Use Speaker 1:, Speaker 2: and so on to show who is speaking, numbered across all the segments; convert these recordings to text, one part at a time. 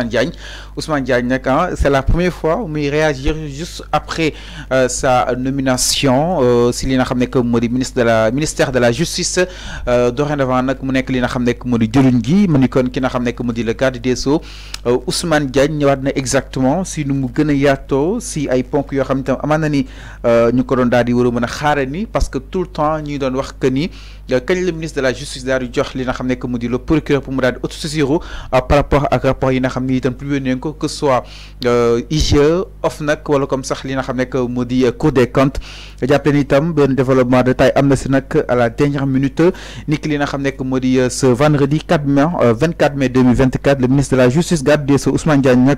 Speaker 1: Ousmane Diagne. Ousmane Diagne, hein, c'est la première fois où il réagit juste après euh, sa nomination. Euh, si l'on comme ministre de la ministère de la Justice, euh, dorénavant, nous avons dit que nous avons de le garde des Sceaux. Euh, Ousmane Diagne, nous exactement si nous avons yato si ay ponk yo xamni tam amana ni euh, ñu ko di mëna xaarani parce que tout le temps ñuy dans wax que ni kañ le ministre de la justice daal jox li nga que le procureur pour mu daal par rapport à rapport yi xam mi plus que ce soit euh, IGE OFNAC ou comme ça li nga modi nekk moo di euh, des comptes développement de taille amna ci nak à la dernière minute ni ki li nga euh, ce vendredi 4 mai 24 mai 2024 le ministre de la justice garde des Ousmane Diagne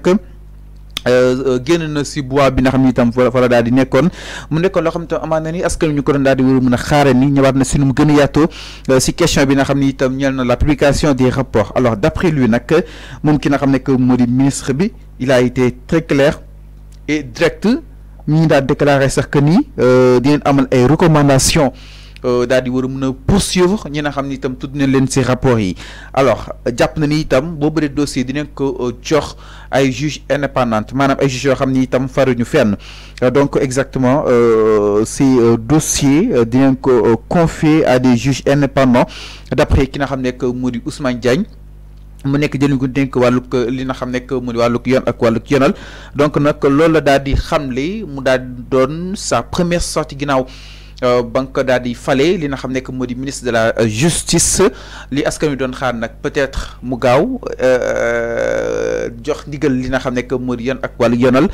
Speaker 1: euh, euh, génn na si bois bi nga xam ni itam fa la daal di nekkoon mu nekkoon loo xam ne itam amaan na ni askan ñu ko doon daal di war a mën a xaare ni ñëwaat na si nu mu gën a yaatoo euh, si question bi nga xam ni itam ñeel na la publication des rapports alors d' après lui nag moom ki nga xam ne que moo di ministre bi il a été très clair et direct ñu ngi daal déclaré sax que ni dinañ amal ay recommandations. Euh, daal di war a mën a poursuivre ñi nga xam ni itam tudd na leen si rapport yi alors jàpp na ni itam boo bëree dossier dinañ ko euh, jox ay juge indépendante maanaam ay juge yoo xam ni itam faruñu fenn euh, donc exactement si dossier dinañ ko confier à des juges indépendants d'après ki nga xam que moo di Ousmane Diagne mu nekk jëliñ ko dénk wàllug li nga xam que mu di wàllug yoon ak wàllug yonal donc nag loolu la daal di xamle mu daal di doon sa première sortie ginnaaw euh, ba nga ko daal li nga xamné que modi ministre de la euh, justice li askan wi xaar nak peut-être mu gaaw euh, jox ndigal li nga xamné que modi di ak wal yonal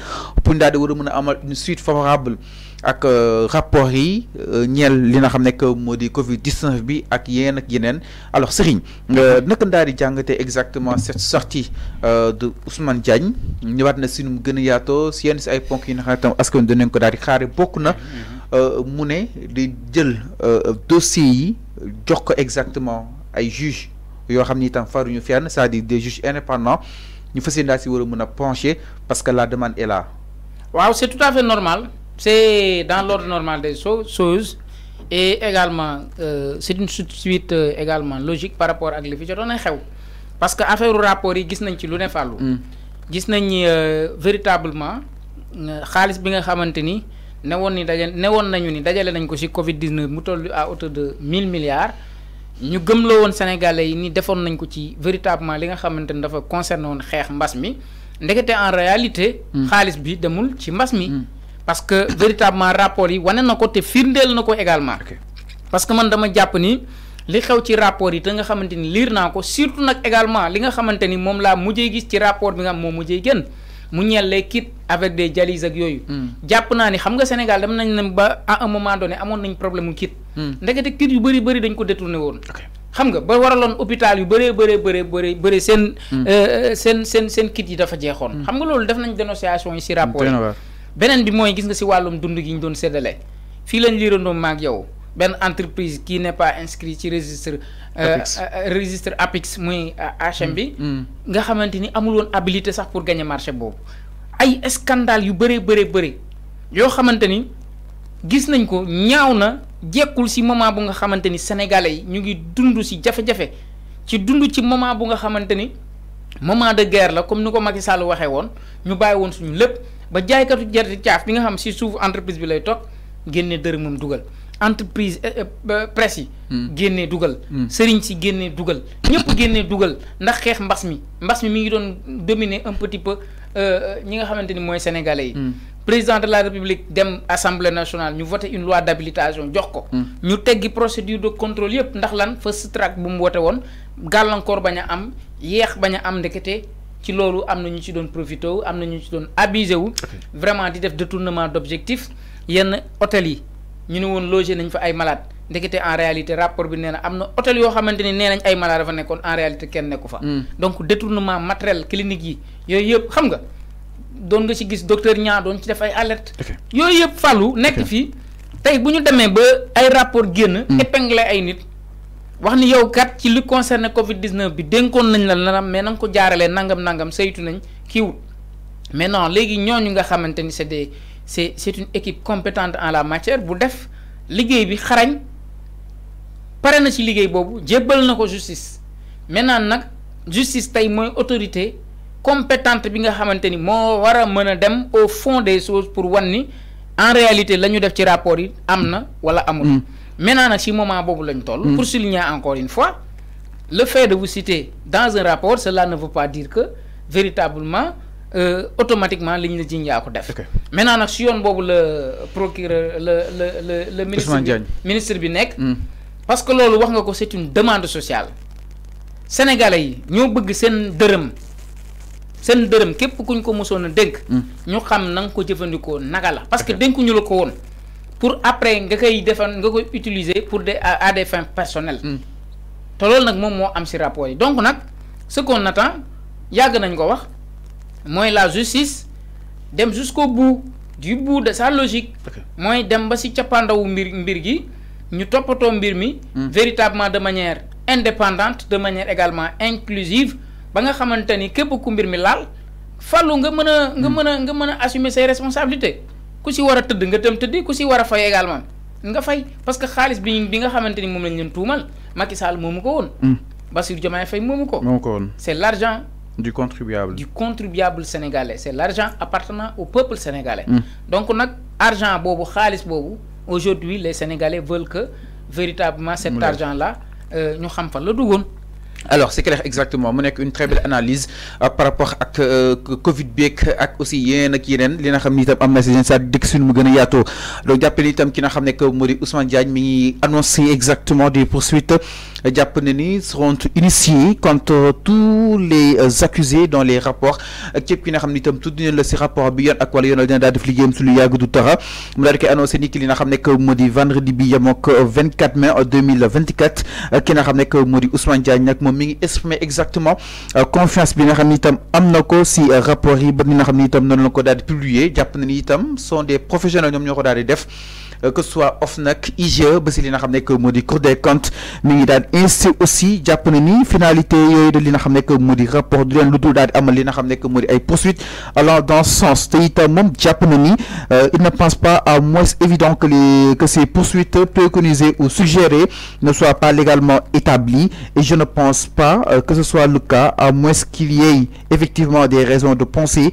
Speaker 1: pour ñu daal mëna amal une suite favorable ak rapport yi ñeel li nga xamné que modi Covid 19 bi ak yéen ak yenen alors Serigne nak daal di exactement mm-hmm. cette sortie de Ousmane Diagne ñëwaat na sinum gëna yato gën ay ponk yi nga xam ne tam askan ko daal xaaré xaare na. Mm-hmm. Euh, mu ne di jël euh, dossier jox exactement ay juge yo xamni tam faru ñu fenn c'est-à-dire des juges indépendants ñu fas yéene daal si pencher parce que la demande est là.
Speaker 2: waaw c'est tout à fait normal c'est dans l'ordre normal des choses et également euh, c'est une suite également logique par rapport à li fi xew parce que affaire rapport yi gis nañ ci lu ne fàllu. Mm. gis nañ véritablement khalis bi nga xamanteni ne woon ni dajale ne woon nañu ni dajale nañ ko ci Covid 19 mu toll à de mille milliards ñu gëm la woon sénégalais yi ni defoon nañ ko ci véritablement li nga xamante ni dafa concerné woon xeex mbas mi ndekete en réalité. Hmm. xaalis bi demul ci mbas mi. Hmm. parce que véritablement rapport yi wane na ko te firndeel na ko également. parce que man dama jàpp ni li xew ci rapport yi te nga xamante ni liir naa ko surtout nag également li nga xamante ni moom laa mujjee gis ci rapport bi nga xam moom mujjee génn. mu ñeel kit kits avec des dialyses ak yooyu. Hmm. jàpp naa ni xam nga Sénégal dem nañ ne ba à un moment donné amoon nañ problème mu kit. Hmm. ndekete kit yu bëri bëri dañ ko détourné woon. xam nga ba waraloon hôpital yu bëree bëree bëree bëree bëri seen. Hmm. Euh, euh, seen seen seen kit yi dafa jeexoon. xam nga loolu def nañ dénonciation yi si rapport yi. beneen bi mooy gis nga si wàllum dund yi ñu doon séddale fii lañ liirandoo maak yow. ben entreprise qui n'est pas inscrite ci registre. Euh, euh, registre APIX muy HMB euh, mm. mm. nga xamanteni amul won habilité sax pour gagner marché bob. ay scandale yu bëree bëree bëri yo xamanteni gis nañ ko ñaawna na ci moment bu nga xamanteni sénégalais yi ñu ngi dund ci jafé jafé ci dund ci moment bu nga xamanteni moment de guerre la comme niko ko Macky Sall waxee woon ñu bàyyi woon suñu lepp ba jaaykatu gerte caaf bi nga xam ci suuf entreprise bi lay toog deur mum dugal entreprise eh, eh, presse yi. Hmm. dougal hmm. serigne ci si dougal ñepp ñëpp dougal ndax xex mbass mi mbass mi mi ngi doon dominer un petit peu euh, ñi nga xamanteni ni sénégalais hmm. président de la république dem assemblée nationale ñu voté une loi d'habilitation jox ko. ñu téggi procédure de contrôle yépp ndax lan fast track bu mu woté won gàllankoor bañ a am yéx baña am ndekete ci loolu am na ñu ci doon profité wu am na ñu ci doon abusé wu. vraiment di def détournement d'objectif yenn hôtel yi. ñu ne woon logé nañ fa ay malade ndekete en réalité rapport bi nee na am na hôtel yoo xamante ni nee nañ ay malade dafa nekkoon en réalité kenn nekku fa. Hmm. donc détournement matériel clinique yi yooyu yëpp xam nga doon nga ci gis docteur ñaa doon ci def ay alerte yooyu yëpp fàllu nekk fii tey bu ñu demee ba ay rapport génn. Hmm. épinglé ay nit. wax ni yow kat ci li concerne Covid 19 bi dénkoon nañ la nanam mais na nga ko jaaralee nangam nangam saytu nañ kii mais non léegi ñooñu nga xamante ni c'est c'est une équipe compétente en la matière bu def liguey bi xarañ paré na ci liguey bobu djébal nako justice maintenant nak justice tay une autorité compétente bi nga xamanteni mo wara war dem au fond des choses pour wanni en réalité lañu def ci rapport yi amna wala amul. Mm. maintenant nak ci moment bobu lañ toll. Mm. pour souligner encore une fois le fait de vous citer dans un rapport cela ne veut pas dire que véritablement. Euh, automatiquement li la jiñ yaa ko def. maintenant nag si yoon boobu la procureur la la la la. ministre bi ministre bi nekk. Hmm. parce que loolu wax nga ko c'est une demande sociale. sénégalais yi ñoo bëgg seen dërëm seen dërëm képp kuñ ko mosoon a dégg. Hmm. ñu xam na nga ko jëfandikoo naka la. parce que ñu la ko woon pour après nga koy defan nga koy utiliser pour de à des fins personnelles. Hmm. te loolu nag moom moo am si rapport yi donc nag ce qu'on attend yàgg nañ ko wax. moi la justice dem jusqu'au bout du bout de sa logique moi dem ba ci cappaandawu mbir mbir gi ñu topato mbir mi hmm. véritablement de manière indépendante de manière également inclusive ba nga xamante ni képp ku mbir mi laal fallu nga mëna nga hmm. mëna nga mëna assumer ses responsabilités ku ci wara tëdd nga dem tëdd ku ci wara fay également nga fay parce que xaalis bi bi nga xamante mom lañ leen tuumal Macky Sall moomu ko won hmm. Basir Diomaye Faye moomu ko c'est l'argent
Speaker 1: du contribuable du
Speaker 2: contribuable sénégalais c'est l'argent appartenant au peuple sénégalais mm. donc on a argent à khalis aujourd'hui les sénégalais veulent que véritablement cet argent là nous euh,
Speaker 1: xam le la alors c'est clair exactement mu une très belle analyse euh, par rapport ak euh, Covid beeg ak aussi yeneen ak yeneen li nga xam ni itam am na si yeneen saa dëkk suñu mu gëna yato do donc tam ki nga xamne ne que moo Ousmane Diagne mi ngi annoncé exactement des poursuites jàpp na ni seront initiés contre euh, tous les accusés dans les rapports képp ki nga xam tam itam tudd nañ la si rapport bi yoon ak wala yoonal dina daal def liggéeyam sulu lu du tara mu dal ki koy annoncé ni ki li nga xam ne que moo vendredi bi yamok 24 mai 2024 ki nga xamne ne que moo Ousmane Diagne nak moom exprimer exactement euh, confiance bi nga xamni tam amna ko si euh, rapport yi ba ni nga xam ni la ko daal publier japp na ni tam sont des professionnels ñom ñoko ko daal di def euh, que ce soit Ofnak, IGE ba si li nga xam nekk moo des comptes mais il aussi jàpp finalité de li nga xam modi rapport de leen lu dul daal modi poursuites alors dans ce sens te itam moom jàpp euh, il ne pense pas à moins évident que les que ces poursuites préconisées ou suggérées ne soient pas légalement établies et je ne pense pas euh, que ce soit le cas à moins qu'il y ait effectivement des raisons de penser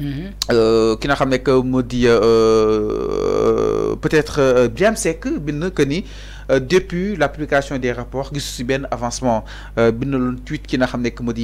Speaker 1: Euh, qui euh, euh, n'a jamais que maudit peut-être bien c'est que nous que depuis la publication des rapports qui si benn avancement bin le tweet qui n'a jamais que maudit